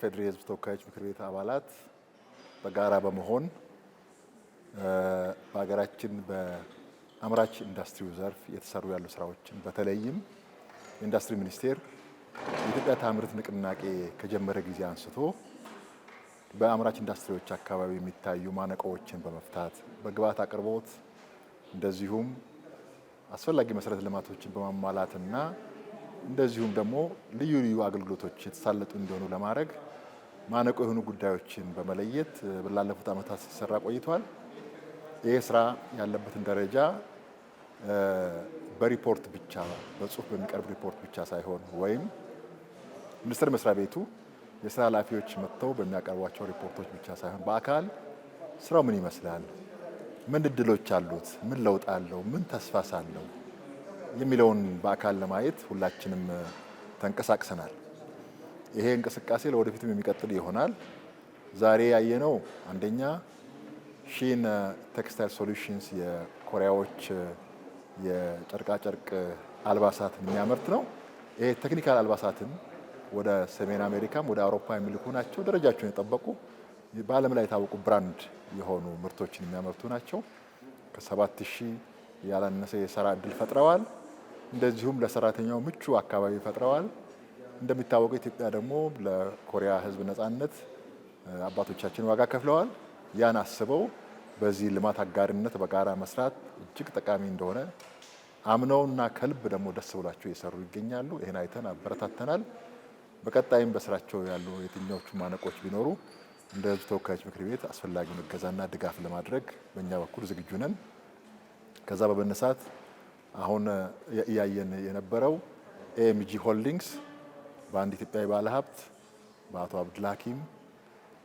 የኢፌዴሪ ህዝብ ተወካዮች ምክር ቤት አባላት በጋራ በመሆን በሀገራችን በአምራች ኢንዱስትሪው ዘርፍ የተሰሩ ያሉ ስራዎችን በተለይም የኢንዱስትሪ ሚኒስቴር የኢትዮጵያ ታምርት ንቅናቄ ከጀመረ ጊዜ አንስቶ በአምራች ኢንዱስትሪዎች አካባቢ የሚታዩ ማነቆዎችን በመፍታት በግብዓት አቅርቦት እንደዚሁም አስፈላጊ መሰረተ ልማቶችን በማሟላትና እንደዚሁም ደግሞ ልዩ ልዩ አገልግሎቶች የተሳለጡ እንዲሆኑ ለማድረግ ማነቆ የሆኑ ጉዳዮችን በመለየት ላለፉት ዓመታት ሲሰራ ቆይቷል። ይህ ስራ ያለበትን ደረጃ በሪፖርት ብቻ በጽሁፍ በሚቀርብ ሪፖርት ብቻ ሳይሆን ወይም ሚኒስቴር መስሪያ ቤቱ የስራ ኃላፊዎች መጥተው በሚያቀርቧቸው ሪፖርቶች ብቻ ሳይሆን በአካል ስራው ምን ይመስላል፣ ምን እድሎች አሉት፣ ምን ለውጥ አለው፣ ምን ተስፋስ አለው የሚለውን በአካል ለማየት ሁላችንም ተንቀሳቅሰናል። ይሄ እንቅስቃሴ ለወደፊትም የሚቀጥል ይሆናል። ዛሬ ያየነው አንደኛ ሺን ቴክስታይል ሶሉሽንስ የኮሪያዎች የጨርቃጨርቅ አልባሳትን የሚያመርት ነው። ይሄ ቴክኒካል አልባሳትን ወደ ሰሜን አሜሪካም ወደ አውሮፓ የሚልኩ ናቸው። ደረጃቸውን የጠበቁ በዓለም ላይ የታወቁ ብራንድ የሆኑ ምርቶችን የሚያመርቱ ናቸው። ከሰባት ሺህ ያላነሰ የስራ እድል ፈጥረዋል። እንደዚሁም ለሰራተኛው ምቹ አካባቢ ፈጥረዋል። እንደሚታወቀው ኢትዮጵያ ደግሞ ለኮሪያ ህዝብ ነጻነት አባቶቻችን ዋጋ ከፍለዋል። ያን አስበው በዚህ ልማት አጋርነት በጋራ መስራት እጅግ ጠቃሚ እንደሆነ አምነውና ከልብ ደግሞ ደስ ብሏቸው እየሰሩ ይገኛሉ። ይህን አይተን አበረታተናል። በቀጣይም በስራቸው ያሉ የትኛዎቹ ማነቆች ቢኖሩ እንደ ህዝብ ተወካዮች ምክር ቤት አስፈላጊውን እገዛና ድጋፍ ለማድረግ በእኛ በኩል ዝግጁ ነን። ከዛ በመነሳት አሁን እያየን የነበረው ኤኤምጂ ሆልዲንግስ በአንድ ኢትዮጵያዊ ባለሀብት በአቶ አብዱል ሀኪም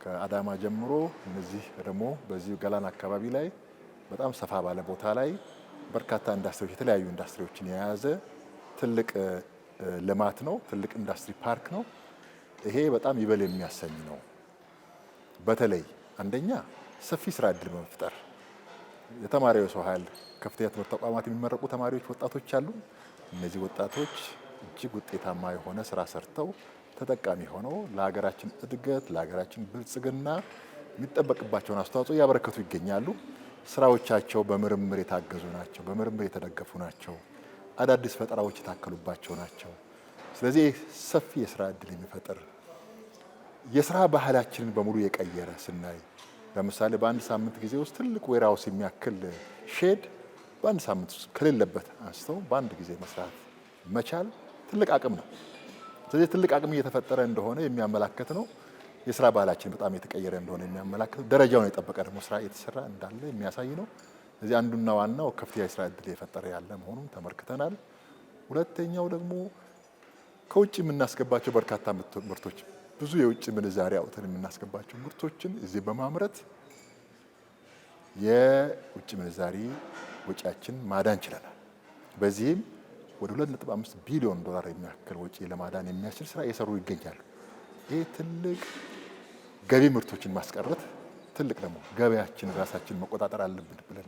ከአዳማ ጀምሮ እነዚህ ደግሞ በዚህ ገላን አካባቢ ላይ በጣም ሰፋ ባለ ቦታ ላይ በርካታ ኢንዱስትሪዎች የተለያዩ ኢንዱስትሪዎችን የያዘ ትልቅ ልማት ነው። ትልቅ ኢንዱስትሪ ፓርክ ነው። ይሄ በጣም ይበል የሚያሰኝ ነው። በተለይ አንደኛ ሰፊ ስራ እድል በመፍጠር የተማሪው ሰው ኃይል ከፍተኛ ትምህርት ተቋማት የሚመረቁ ተማሪዎች፣ ወጣቶች አሉ። እነዚህ ወጣቶች እጅግ ውጤታማ የሆነ ስራ ሰርተው ተጠቃሚ ሆነው ለሀገራችን እድገት ለሀገራችን ብልጽግና የሚጠበቅባቸውን አስተዋጽኦ እያበረከቱ ይገኛሉ። ስራዎቻቸው በምርምር የታገዙ ናቸው፣ በምርምር የተደገፉ ናቸው፣ አዳዲስ ፈጠራዎች የታከሉባቸው ናቸው። ስለዚህ ሰፊ የስራ እድል የሚፈጥር የስራ ባህላችንን በሙሉ የቀየረ ስናይ ለምሳሌ በአንድ ሳምንት ጊዜ ውስጥ ትልቅ ዌራውስ የሚያክል ሼድ በአንድ ሳምንት ውስጥ ከሌለበት አንስተው በአንድ ጊዜ መስራት መቻል ትልቅ አቅም ነው። ስለዚህ ትልቅ አቅም እየተፈጠረ እንደሆነ የሚያመላክት ነው። የስራ ባህላችን በጣም የተቀየረ እንደሆነ የሚያመላክት ደረጃውን የጠበቀ ደግሞ ስራ እየተሰራ እንዳለ የሚያሳይ ነው። ስለዚህ አንዱና ዋናው ከፍተኛ የስራ እድል እየፈጠረ ያለ መሆኑን ተመልክተናል። ሁለተኛው ደግሞ ከውጭ የምናስገባቸው በርካታ ምርቶች ብዙ የውጭ ምንዛሪ አውጥተን የምናስገባቸው ምርቶችን እዚህ በማምረት የውጭ ምንዛሬ ወጪያችን ማዳን ችለናል። በዚህም ወደ 2.5 ቢሊዮን ዶላር የሚያክል ወጪ ለማዳን የሚያስችል ስራ እየሰሩ ይገኛሉ። ይህ ትልቅ ገቢ ምርቶችን ማስቀረት ትልቅ ደግሞ ገበያችን ራሳችን መቆጣጠር አለብን ብለን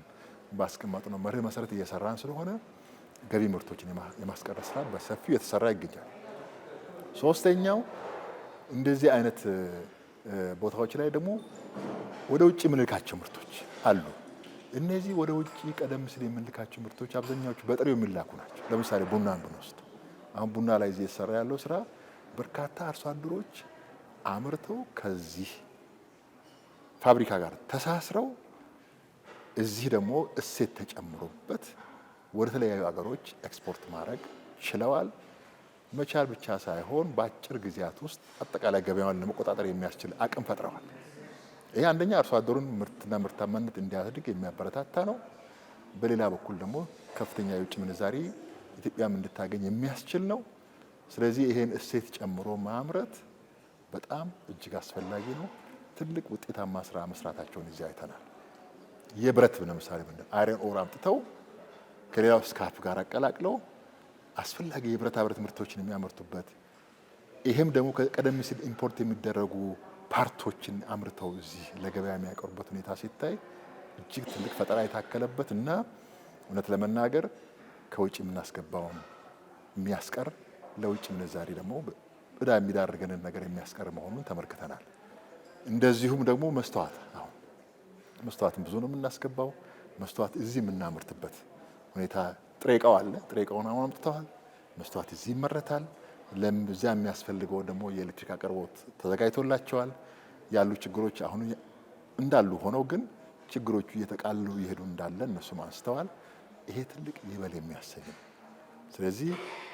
ነው መርህ መሰረት እየሰራን ስለሆነ ገቢ ምርቶችን የማስቀረት ስራ በሰፊው የተሰራ ይገኛል። ሶስተኛው እንደዚህ አይነት ቦታዎች ላይ ደግሞ ወደ ውጭ ምንልካቸው ምርቶች አሉ። እነዚህ ወደ ውጭ ቀደም ሲል የምንልካቸው ምርቶች አብዛኛዎቹ በጥሬው የሚላኩ ናቸው። ለምሳሌ ቡናን ብንወስድ አሁን ቡና ላይ እዚህ የተሰራ ያለው ስራ በርካታ አርሶ አደሮች አምርተው ከዚህ ፋብሪካ ጋር ተሳስረው እዚህ ደግሞ እሴት ተጨምሮበት ወደ ተለያዩ ሀገሮች ኤክስፖርት ማድረግ ችለዋል። መቻል ብቻ ሳይሆን በአጭር ጊዜያት ውስጥ አጠቃላይ ገበያውን ለመቆጣጠር የሚያስችል አቅም ፈጥረዋል። ይሄ አንደኛ አርሶ አደሩን ምርትና ምርታማነት እንዲያድግ የሚያበረታታ ነው። በሌላ በኩል ደግሞ ከፍተኛ የውጭ ምንዛሪ ኢትዮጵያም እንድታገኝ የሚያስችል ነው። ስለዚህ ይሄን እሴት ጨምሮ ማምረት በጣም እጅግ አስፈላጊ ነው። ትልቅ ውጤታማ ስራ መስራታቸውን እዚህ አይተናል። የብረት ለምሳሌ ምንድን አይረን ኦር አምጥተው ከሌላው ስካፍ ጋር አቀላቅለው አስፈላጊ የብረታ ብረት ምርቶችን የሚያመርቱበት ይሄም ደግሞ ቀደም ሲል ኢምፖርት የሚደረጉ ፓርቶችን አምርተው እዚህ ለገበያ የሚያቀርቡበት ሁኔታ ሲታይ እጅግ ትልቅ ፈጠራ የታከለበት እና እውነት ለመናገር ከውጭ የምናስገባውን የሚያስቀር ለውጭ ምንዛሬ ደግሞ እዳ የሚዳርገንን ነገር የሚያስቀር መሆኑን ተመልክተናል። እንደዚሁም ደግሞ መስተዋት አሁን መስተዋትን ብዙ ነው የምናስገባው። መስተዋት እዚህ የምናምርትበት ሁኔታ ጥሬ እቃው አለ። ጥሬ እቃውን አሁን አምጥተዋል። መስተዋት እዚህ ይመረታል። ለዚያ የሚያስፈልገው ደግሞ የኤሌክትሪክ አቅርቦት ተዘጋጅቶላቸዋል። ያሉ ችግሮች አሁን እንዳሉ ሆነው ግን ችግሮቹ እየተቃሉ እየሄዱ እንዳለ እነሱም አንስተዋል። ይሄ ትልቅ ይበል የሚያሰኝ ነው። ስለዚህ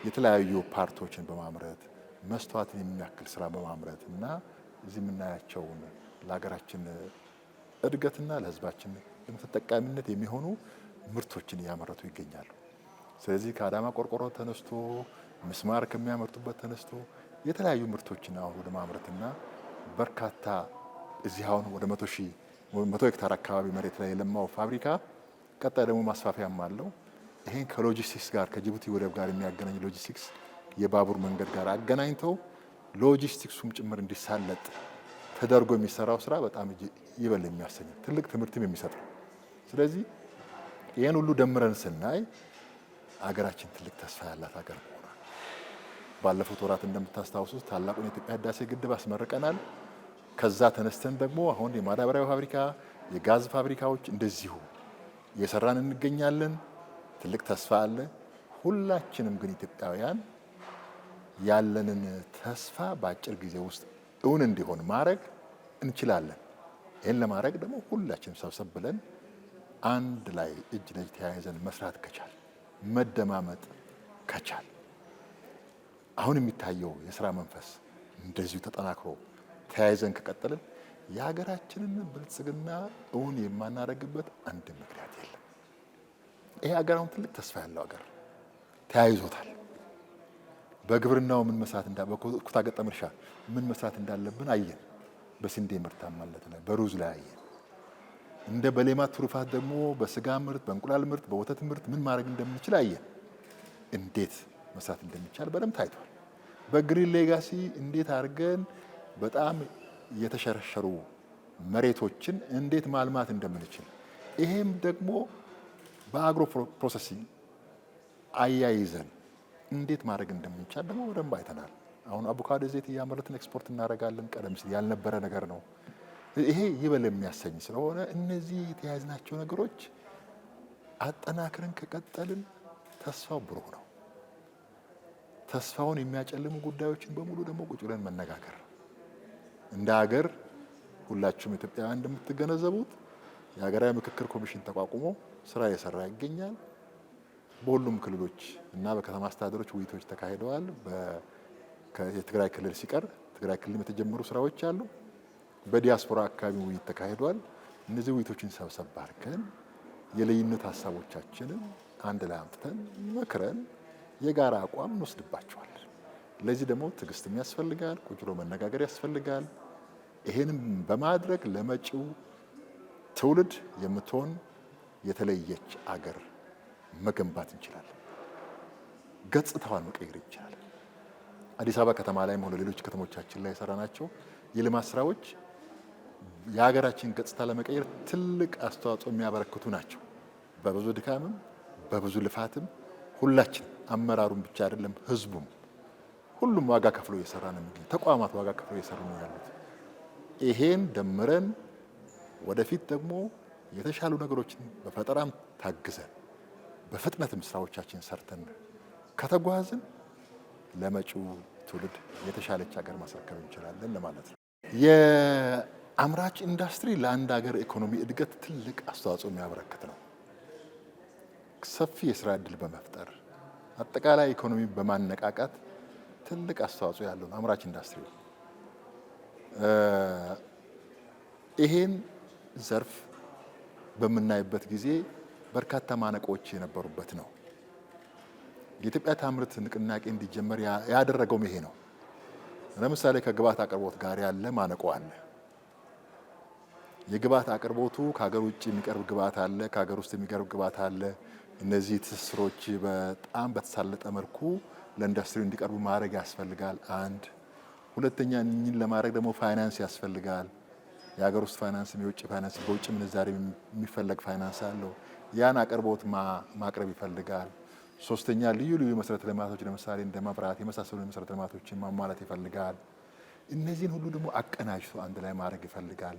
የተለያዩ ፓርቶችን በማምረት መስተዋትን የሚያክል ስራ በማምረት እና እዚህ የምናያቸውን ለሀገራችን እድገትና ለህዝባችን ተጠቃሚነት የሚሆኑ ምርቶችን እያመረቱ ይገኛሉ። ስለዚህ ከአዳማ ቆርቆሮ ተነስቶ ምስማር ከሚያመርቱበት ተነስቶ የተለያዩ ምርቶችን አሁን ወደ ማምረትና በርካታ እዚህ አሁን ወደ መቶ ሺህ መቶ ሄክታር አካባቢ መሬት ላይ የለማው ፋብሪካ ቀጣይ ደግሞ ማስፋፊያም አለው። ይሄን ከሎጂስቲክስ ጋር ከጅቡቲ ወደብ ጋር የሚያገናኝ ሎጂስቲክስ የባቡር መንገድ ጋር አገናኝተው ሎጂስቲክሱም ጭምር እንዲሳለጥ ተደርጎ የሚሰራው ስራ በጣም ይበል የሚያሰኝ ትልቅ ትምህርትም የሚሰጥ ነው። ስለዚህ ይህን ሁሉ ደምረን ስናይ አገራችን ትልቅ ተስፋ ያላት ሀገር መሆኗ ባለፉት ወራት እንደምታስታውሱት ታላቁን የኢትዮጵያ ህዳሴ ግድብ አስመርቀናል። ከዛ ተነስተን ደግሞ አሁን የማዳበሪያው ፋብሪካ፣ የጋዝ ፋብሪካዎች እንደዚሁ እየሰራን እንገኛለን። ትልቅ ተስፋ አለ። ሁላችንም ግን ኢትዮጵያውያን ያለንን ተስፋ በአጭር ጊዜ ውስጥ እውን እንዲሆን ማድረግ እንችላለን። ይህን ለማድረግ ደግሞ ሁላችንም ሰብሰብ ብለን አንድ ላይ እጅ ለእጅ ተያይዘን መስራት ከቻል መደማመጥ ከቻል አሁን የሚታየው የስራ መንፈስ እንደዚሁ ተጠናክሮ ተያይዘን ከቀጠልን የሀገራችንን ብልጽግና እውን የማናደርግበት አንድ ምክንያት የለም። ይሄ ሀገር አሁን ትልቅ ተስፋ ያለው ሀገር ተያይዞታል። በግብርናው ምን መስራት እንዳ በኩታ ገጠም እርሻ ምን መስራት እንዳለብን አየን። በስንዴ ምርታማነት ላይ በሩዝ ላይ አየን። እንደ በሌማት ትሩፋት ደግሞ በስጋ ምርት፣ በእንቁላል ምርት፣ በወተት ምርት ምን ማድረግ እንደምንችል አየን። እንዴት መስራት እንደሚቻል በደንብ ታይቷል። በግሪን ሌጋሲ እንዴት አድርገን በጣም የተሸረሸሩ መሬቶችን እንዴት ማልማት እንደምንችል ይሄም ደግሞ በአግሮ ፕሮሰሲንግ አያይዘን እንዴት ማድረግ እንደምንቻል ደግሞ በደንብ አይተናል። አሁን አቮካዶ ዘይት እያመረትን ኤክስፖርት እናደርጋለን። ቀደም ሲል ያልነበረ ነገር ነው። ይሄ ይበል የሚያሰኝ ስለሆነ እነዚህ የተያያዝናቸው ነገሮች አጠናክረን ከቀጠልን ተስፋው ብሩህ ነው። ተስፋውን የሚያጨልሙ ጉዳዮችን በሙሉ ደግሞ ቁጭ ብለን መነጋገር እንደ ሀገር ሁላችሁም ኢትዮጵያውያን እንደምትገነዘቡት የሀገራዊ ምክክር ኮሚሽን ተቋቁሞ ስራ እየሰራ ይገኛል። በሁሉም ክልሎች እና በከተማ አስተዳደሮች ውይይቶች ተካሂደዋል። የትግራይ ክልል ሲቀር ትግራይ ክልል የተጀመሩ ስራዎች አሉ። በዲያስፖራ አካባቢ ውይይት ተካሂደዋል። እነዚህ ውይይቶችን ሰብሰብ አድርገን የልዩነት ሀሳቦቻችንን አንድ ላይ አምጥተን መክረን የጋራ አቋም እንወስድባቸዋል። ለዚህ ደግሞ ትዕግስትም ያስፈልጋል፣ ቁጭ ብሎ መነጋገር ያስፈልጋል። ይሄንም በማድረግ ለመጪው ትውልድ የምትሆን የተለየች አገር መገንባት እንችላለን። ገጽታዋን መቀየር ይቻላል። አዲስ አበባ ከተማ ላይ ሆነ ሌሎች ከተሞቻችን ላይ የሰራናቸው የልማት ስራዎች የሀገራችን ገጽታ ለመቀየር ትልቅ አስተዋጽኦ የሚያበረክቱ ናቸው። በብዙ ድካምም በብዙ ልፋትም ሁላችን አመራሩን ብቻ አይደለም ህዝቡም ሁሉም ዋጋ ከፍለው እየሰራ ነው የሚገኝ። ተቋማት ዋጋ ከፍለው እየሰሩ ነው ያሉት። ይሄን ደምረን ወደፊት ደግሞ የተሻሉ ነገሮችን በፈጠራም ታግዘን በፍጥነትም ስራዎቻችን ሰርተን ከተጓዝን ለመጪው ትውልድ የተሻለች ሀገር ማስረከብ እንችላለን ለማለት ነው። የአምራች ኢንዱስትሪ ለአንድ ሀገር ኢኮኖሚ እድገት ትልቅ አስተዋጽኦ የሚያበረክት ነው። ሰፊ የስራ እድል በመፍጠር አጠቃላይ ኢኮኖሚ በማነቃቃት ትልቅ አስተዋጽኦ ያለው ነው አምራች ኢንዱስትሪ። ይሄን ዘርፍ በምናይበት ጊዜ በርካታ ማነቆዎች የነበሩበት ነው። የኢትዮጵያ ታምርት ንቅናቄ እንዲጀመር ያደረገውም ይሄ ነው። ለምሳሌ ከግባት አቅርቦት ጋር ያለ ማነቆ አለ። የግባት አቅርቦቱ ከሀገር ውጭ የሚቀርብ ግባት አለ፣ ከሀገር ውስጥ የሚቀርብ ግባት አለ፣ እነዚህ ትስስሮች በጣም በተሳለጠ መልኩ ለኢንዱስትሪ እንዲቀርቡ ማድረግ ያስፈልጋል። አንድ ሁለተኛ፣ እኝን ለማድረግ ደግሞ ፋይናንስ ያስፈልጋል። የሀገር ውስጥ ፋይናንስ፣ የውጭ ፋይናንስ፣ በውጭ ምንዛሬ የሚፈለግ ፋይናንስ አለው። ያን አቅርቦት ማቅረብ ይፈልጋል። ሶስተኛ፣ ልዩ ልዩ መሰረተ ልማቶች ለምሳሌ እንደ መብራት የመሳሰሉ መሰረተ ልማቶችን ማሟላት ይፈልጋል። እነዚህን ሁሉ ደግሞ አቀናጅቶ አንድ ላይ ማድረግ ይፈልጋል።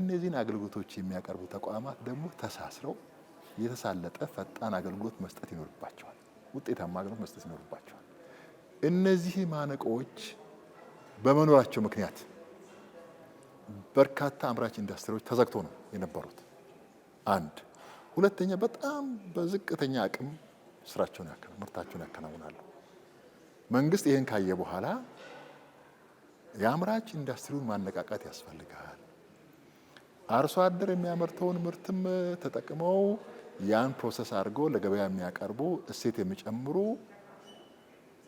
እነዚህን አገልግሎቶች የሚያቀርቡ ተቋማት ደግሞ ተሳስረው የተሳለጠ ፈጣን አገልግሎት መስጠት ይኖርባቸዋል። ውጤታማ አገልግሎት መስጠት ይኖርባቸዋል። እነዚህ ማነቆዎች በመኖራቸው ምክንያት በርካታ አምራች ኢንዱስትሪዎች ተዘግቶ ነው የነበሩት። አንድ ሁለተኛ፣ በጣም በዝቅተኛ አቅም ስራቸውን ምርታቸውን ያከናውናሉ። መንግስት ይህን ካየ በኋላ የአምራች ኢንዱስትሪውን ማነቃቃት ያስፈልጋል። አርሶ አደር የሚያመርተውን ምርትም ተጠቅመው ያን ፕሮሰስ አድርጎ ለገበያ የሚያቀርቡ እሴት የሚጨምሩ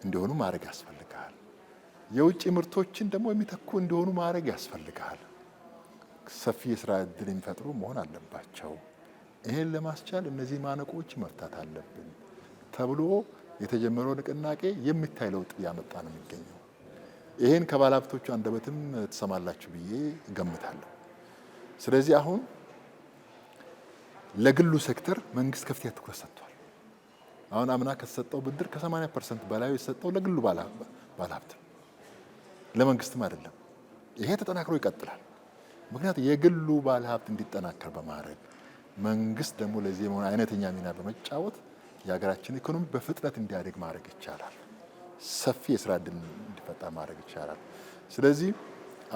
እንዲሆኑ ማድረግ ያስፈልጋል። የውጭ ምርቶችን ደግሞ የሚተኩ እንዲሆኑ ማድረግ ያስፈልጋል። ሰፊ የስራ እድል የሚፈጥሩ መሆን አለባቸው። ይህን ለማስቻል እነዚህ ማነቆች መፍታት አለብን ተብሎ የተጀመረው ንቅናቄ የሚታይ ለውጥ እያመጣ ነው የሚገኘው። ይህን ከባለሀብቶቹ አንደበትም ትሰማላችሁ ብዬ እገምታለሁ። ስለዚህ አሁን ለግሉ ሴክተር መንግስት ከፍተኛ ትኩረት ሰጥቷል። አሁን አምና ከተሰጠው ብድር ከ80 ፐርሰንት በላይ የተሰጠው ለግሉ ባለሀብት ለመንግስትም አይደለም። ይሄ ተጠናክሮ ይቀጥላል። ምክንያቱ የግሉ ባለሀብት እንዲጠናከር በማድረግ መንግስት ደግሞ ለዚህ የመሆን አይነተኛ ሚና በመጫወት የሀገራችን ኢኮኖሚ በፍጥነት እንዲያደግ ማድረግ ይቻላል። ሰፊ የስራ ዕድል እንዲፈጣ ማድረግ ይቻላል። ስለዚህ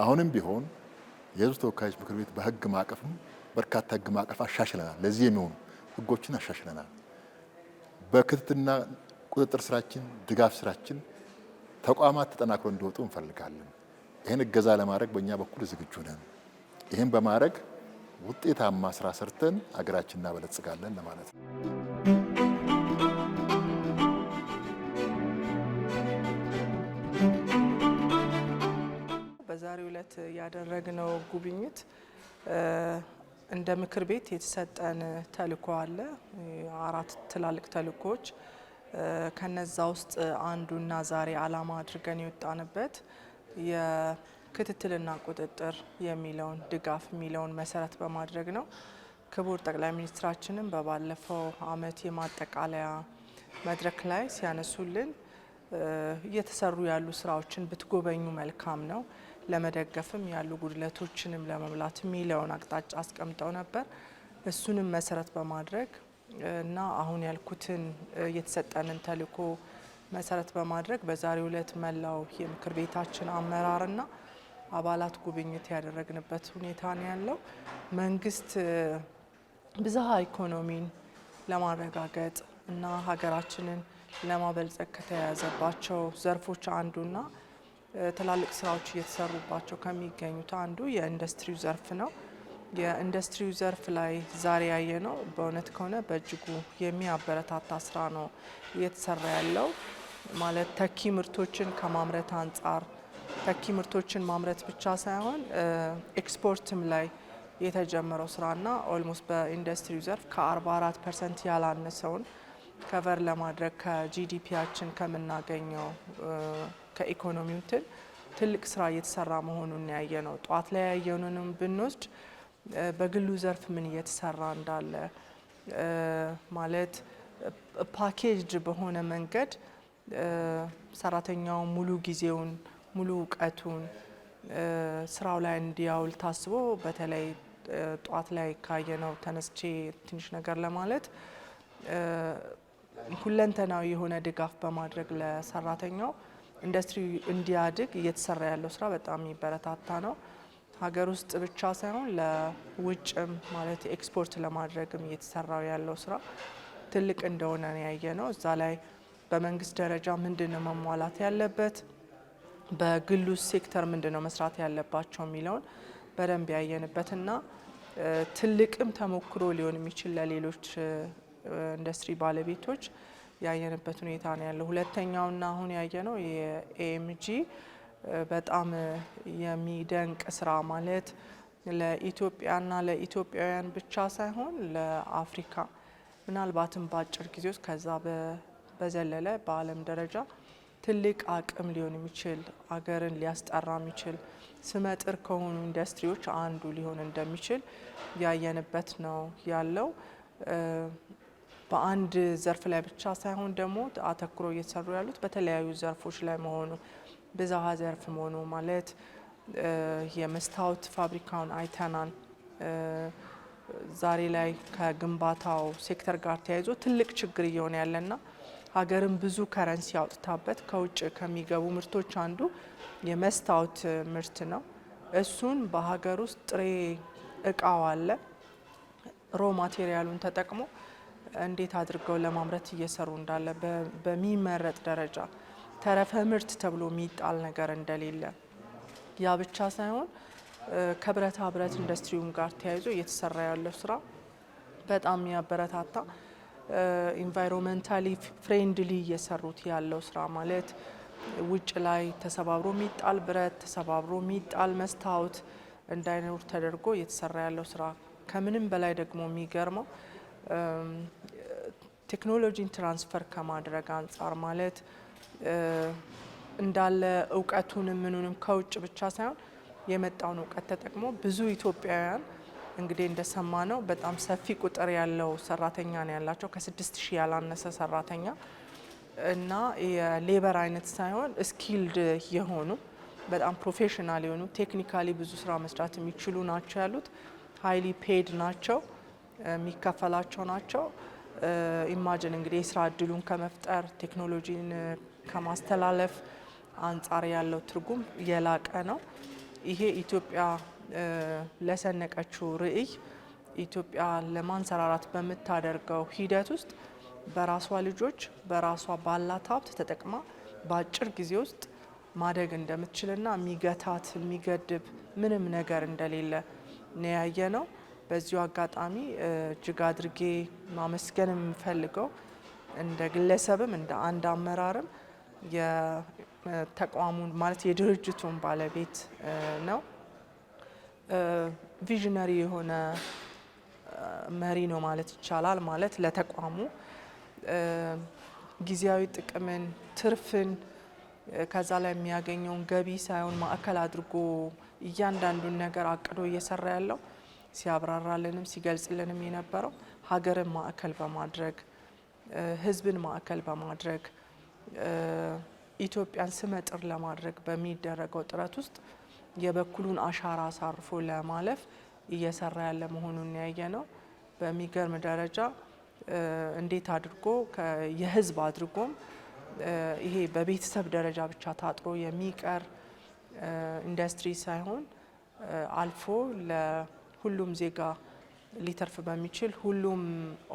አሁንም ቢሆን የህዝብ ተወካዮች ምክር ቤት በህግ ማዕቀፍም በርካታ ህግ ማዕቀፍ አሻሽለናል። ለዚህ የሚሆኑ ህጎችን አሻሽለናል። በክትትና ቁጥጥር ስራችን፣ ድጋፍ ስራችን ተቋማት ተጠናክሮ እንዲወጡ እንፈልጋለን። ይህን እገዛ ለማድረግ በእኛ በኩል ዝግጁ ነን። ይህን በማድረግ ውጤታማ ስራ ሰርተን አገራችን እናበለጽጋለን ለማለት ነው። በዛሬው ዕለት ያደረግነው ጉብኝት እንደ ምክር ቤት የተሰጠን ተልኮ አለ። አራት ትላልቅ ተልዕኮች ከነዛ ውስጥ አንዱና ዛሬ አላማ አድርገን የወጣንበት የክትትልና ቁጥጥር የሚለውን ድጋፍ የሚለውን መሰረት በማድረግ ነው። ክቡር ጠቅላይ ሚኒስትራችንም በባለፈው አመት የማጠቃለያ መድረክ ላይ ሲያነሱልን እየተሰሩ ያሉ ስራዎችን ብትጎበኙ መልካም ነው ለመደገፍም ያሉ ጉድለቶችንም ለመሙላት የሚለውን አቅጣጫ አስቀምጠው ነበር። እሱንም መሰረት በማድረግ እና አሁን ያልኩትን የተሰጠንን ተልኮ መሰረት በማድረግ በዛሬው ዕለት መላው የምክር ቤታችን አመራርና አባላት ጉብኝት ያደረግንበት ሁኔታ ነው ያለው። መንግስት ብዝሃ ኢኮኖሚን ለማረጋገጥ እና ሀገራችንን ለማበልጸግ ከተያያዘባቸው ዘርፎች አንዱና ትላልቅ ስራዎች እየተሰሩባቸው ከሚገኙት አንዱ የኢንዱስትሪው ዘርፍ ነው። የኢንዱስትሪው ዘርፍ ላይ ዛሬ ያየ ነው በእውነት ከሆነ በእጅጉ የሚያበረታታ ስራ ነው እየተሰራ ያለው። ማለት ተኪ ምርቶችን ከማምረት አንጻር ተኪ ምርቶችን ማምረት ብቻ ሳይሆን ኤክስፖርትም ላይ የተጀመረው ስራና ኦልሞስት በኢንዱስትሪው ዘርፍ ከ44 ፐርሰንት ያላነሰውን ከቨር ለማድረግ ከጂዲፒያችን ከምናገኘው ከኢኮኖሚው እንትን ትልቅ ስራ እየተሰራ መሆኑን ያየ ነው። ጠዋት ላይ ያየውንንም ብንወስድ በግሉ ዘርፍ ምን እየተሰራ እንዳለ ማለት ፓኬጅ በሆነ መንገድ ሰራተኛው ሙሉ ጊዜውን ሙሉ እውቀቱን ስራው ላይ እንዲያውል ታስቦ በተለይ ጠዋት ላይ ካየነው ተነስቼ ትንሽ ነገር ለማለት ሁለንተናዊ የሆነ ድጋፍ በማድረግ ለሰራተኛው ኢንዱስትሪ እንዲያድግ እየተሰራ ያለው ስራ በጣም የሚበረታታ ነው። ሀገር ውስጥ ብቻ ሳይሆን ለውጭም ማለት ኤክስፖርት ለማድረግም እየተሰራ ያለው ስራ ትልቅ እንደሆነ ያየ ነው። እዛ ላይ በመንግስት ደረጃ ምንድን ነው መሟላት ያለበት፣ በግሉ ሴክተር ምንድን ነው መስራት ያለባቸው የሚለውን በደንብ ያየንበትና ትልቅም ተሞክሮ ሊሆን የሚችል ለሌሎች ኢንዱስትሪ ባለቤቶች ያየንበት ሁኔታ ነው ያለው። ሁለተኛውና አሁን ያየነው የኤኤምጂ በጣም የሚደንቅ ስራ ማለት ለኢትዮጵያና ለኢትዮጵያውያን ብቻ ሳይሆን ለአፍሪካ ምናልባትም በአጭር ጊዜ ውስጥ ከዛ በዘለለ በዓለም ደረጃ ትልቅ አቅም ሊሆን የሚችል አገርን ሊያስጠራ የሚችል ስመጥር ከሆኑ ኢንዱስትሪዎች አንዱ ሊሆን እንደሚችል ያየንበት ነው ያለው። በአንድ ዘርፍ ላይ ብቻ ሳይሆን ደግሞ አተኩሮ እየተሰሩ ያሉት በተለያዩ ዘርፎች ላይ መሆኑ ብዝሃ ዘርፍ መሆኑ ማለት የመስታወት ፋብሪካውን አይተናል። ዛሬ ላይ ከግንባታው ሴክተር ጋር ተያይዞ ትልቅ ችግር እየሆነ ያለና ሀገርን ብዙ ከረንሲ ያውጥታበት ከውጭ ከሚገቡ ምርቶች አንዱ የመስታወት ምርት ነው። እሱን በሀገር ውስጥ ጥሬ እቃው አለ ሮ ማቴሪያሉን ተጠቅሞ እንዴት አድርገው ለማምረት እየሰሩ እንዳለ በሚመረጥ ደረጃ ተረፈ ምርት ተብሎ የሚጣል ነገር እንደሌለ ያ ብቻ ሳይሆን ከብረታ ብረት ኢንዱስትሪውም ጋር ተያይዞ እየተሰራ ያለው ስራ በጣም የሚያበረታታ ኢንቫይሮንመንታሊ ፍሬንድሊ እየሰሩት ያለው ስራ ማለት ውጭ ላይ ተሰባብሮ የሚጣል ብረት ተሰባብሮ የሚጣል መስታወት እንዳይኖር ተደርጎ እየተሰራ ያለው ስራ ከምንም በላይ ደግሞ የሚገርመው ቴክኖሎጂን ትራንስፈር ከማድረግ አንጻር ማለት እንዳለ እውቀቱንም ምኑንም ከውጭ ብቻ ሳይሆን የመጣውን እውቀት ተጠቅሞ ብዙ ኢትዮጵያውያን እንግዲህ እንደሰማ ነው በጣም ሰፊ ቁጥር ያለው ሰራተኛ ነው ያላቸው ከስድስት ሺህ ያላነሰ ሰራተኛ እና የሌበር አይነት ሳይሆን ስኪልድ የሆኑ በጣም ፕሮፌሽናል የሆኑ ቴክኒካሊ ብዙ ስራ መስራት የሚችሉ ናቸው ያሉት። ሀይሊ ፔድ ናቸው። የሚከፈላቸው ናቸው። ኢማጅን እንግዲህ የስራ እድሉን ከመፍጠር ቴክኖሎጂን ከማስተላለፍ አንጻር ያለው ትርጉም የላቀ ነው። ይሄ ኢትዮጵያ ለሰነቀችው ርዕይ ኢትዮጵያ ለማንሰራራት በምታደርገው ሂደት ውስጥ በራሷ ልጆች በራሷ ባላት ሀብት ተጠቅማ በአጭር ጊዜ ውስጥ ማደግ እንደምትችልና የሚገታት የሚገድብ ምንም ነገር እንደሌለ ነው ያየ ነው። በዚሁ አጋጣሚ እጅግ አድርጌ ማመስገን የምፈልገው እንደ ግለሰብም እንደ አንድ አመራርም የተቋሙን ማለት የድርጅቱን ባለቤት ነው። ቪዥነሪ የሆነ መሪ ነው ማለት ይቻላል። ማለት ለተቋሙ ጊዜያዊ ጥቅምን፣ ትርፍን ከዛ ላይ የሚያገኘውን ገቢ ሳይሆን ማዕከል አድርጎ እያንዳንዱን ነገር አቅዶ እየሰራ ያለው ሲያብራራልንም ሲገልጽልንም የነበረው ሀገርን ማዕከል በማድረግ ህዝብን ማዕከል በማድረግ ኢትዮጵያን ስመጥር ለማድረግ በሚደረገው ጥረት ውስጥ የበኩሉን አሻራ አሳርፎ ለማለፍ እየሰራ ያለ መሆኑን ያየ ነው። በሚገርም ደረጃ እንዴት አድርጎ የህዝብ አድርጎም ይሄ በቤተሰብ ደረጃ ብቻ ታጥሮ የሚቀር ኢንዱስትሪ ሳይሆን አልፎ ሁሉም ዜጋ ሊተርፍ በሚችል ሁሉም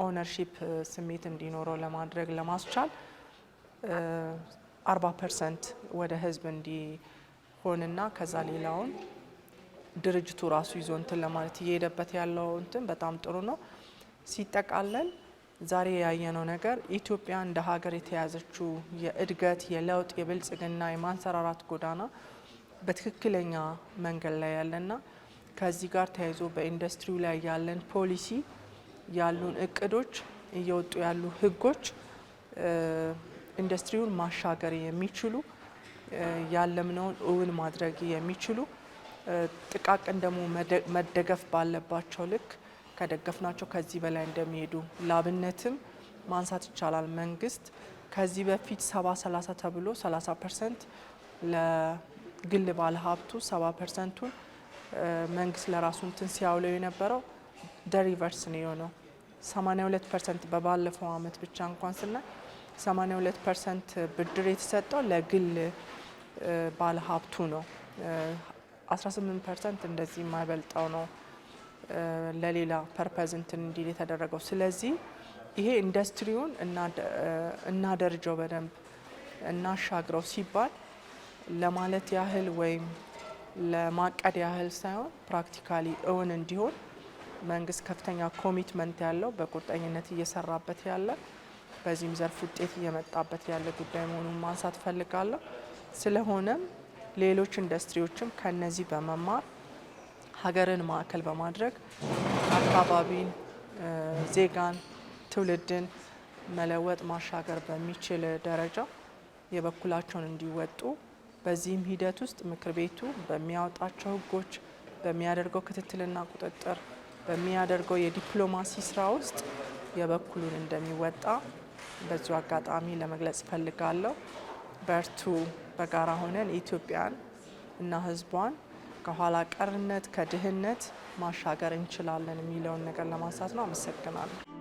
ኦነርሺፕ ስሜት እንዲኖረው ለማድረግ ለማስቻል አርባ ፐርሰንት ወደ ህዝብ እንዲሆንና ከዛ ሌላውን ድርጅቱ ራሱ ይዞ እንትን ለማለት እየሄደበት ያለው እንትን በጣም ጥሩ ነው። ሲጠቃለል ዛሬ ያየነው ነገር ኢትዮጵያ እንደ ሀገር የተያዘችው የእድገት የለውጥ የብልጽግና የማንሰራራት ጎዳና በትክክለኛ መንገድ ላይ ያለና ከዚህ ጋር ተያይዞ በኢንዱስትሪው ላይ ያለን ፖሊሲ፣ ያሉን እቅዶች፣ እየወጡ ያሉ ህጎች ኢንዱስትሪውን ማሻገር የሚችሉ ያለምነውን እውን ማድረግ የሚችሉ ጥቃቅን ደግሞ መደገፍ ባለባቸው ልክ ከደገፍናቸው ከዚህ በላይ እንደሚሄዱ ላብነትም ማንሳት ይቻላል። መንግስት ከዚህ በፊት 70 30 ተብሎ 30 ፐርሰንት ለግል ባለሀብቱ 70 ፐርሰንቱን መንግስት ለራሱ እንትን ሲያውለው የነበረው ደሪቨርስ ነው የሆነው። 82 ፐርሰንት በባለፈው አመት ብቻ እንኳን ስናይ 82 ፐርሰንት ብድር የተሰጠው ለግል ባለ ሀብቱ ነው። 18 ፐርሰንት እንደዚህ የማይበልጠው ነው ለሌላ ፐርፐዝ እንትን እንዲል የተደረገው። ስለዚህ ይሄ ኢንዱስትሪውን እናደርጀው በደንብ እናሻግረው ሲባል ለማለት ያህል ወይም ለማቀድ ያህል ሳይሆን ፕራክቲካሊ እውን እንዲሆን መንግስት ከፍተኛ ኮሚትመንት ያለው በቁርጠኝነት እየሰራበት ያለ በዚህም ዘርፍ ውጤት እየመጣበት ያለ ጉዳይ መሆኑን ማንሳት ፈልጋለሁ። ስለሆነም ሌሎች ኢንዱስትሪዎችም ከነዚህ በመማር ሀገርን ማዕከል በማድረግ አካባቢን፣ ዜጋን፣ ትውልድን መለወጥ ማሻገር በሚችል ደረጃ የበኩላቸውን እንዲወጡ በዚህም ሂደት ውስጥ ምክር ቤቱ በሚያወጣቸው ህጎች በሚያደርገው ክትትልና ቁጥጥር በሚያደርገው የዲፕሎማሲ ስራ ውስጥ የበኩሉን እንደሚወጣ በዚሁ አጋጣሚ ለመግለጽ እፈልጋለሁ። በርቱ፣ በጋራ ሆነን ኢትዮጵያን እና ህዝቧን ከኋላ ቀርነት ከድህነት ማሻገር እንችላለን የሚለውን ነገር ለማንሳት ነው። አመሰግናለሁ።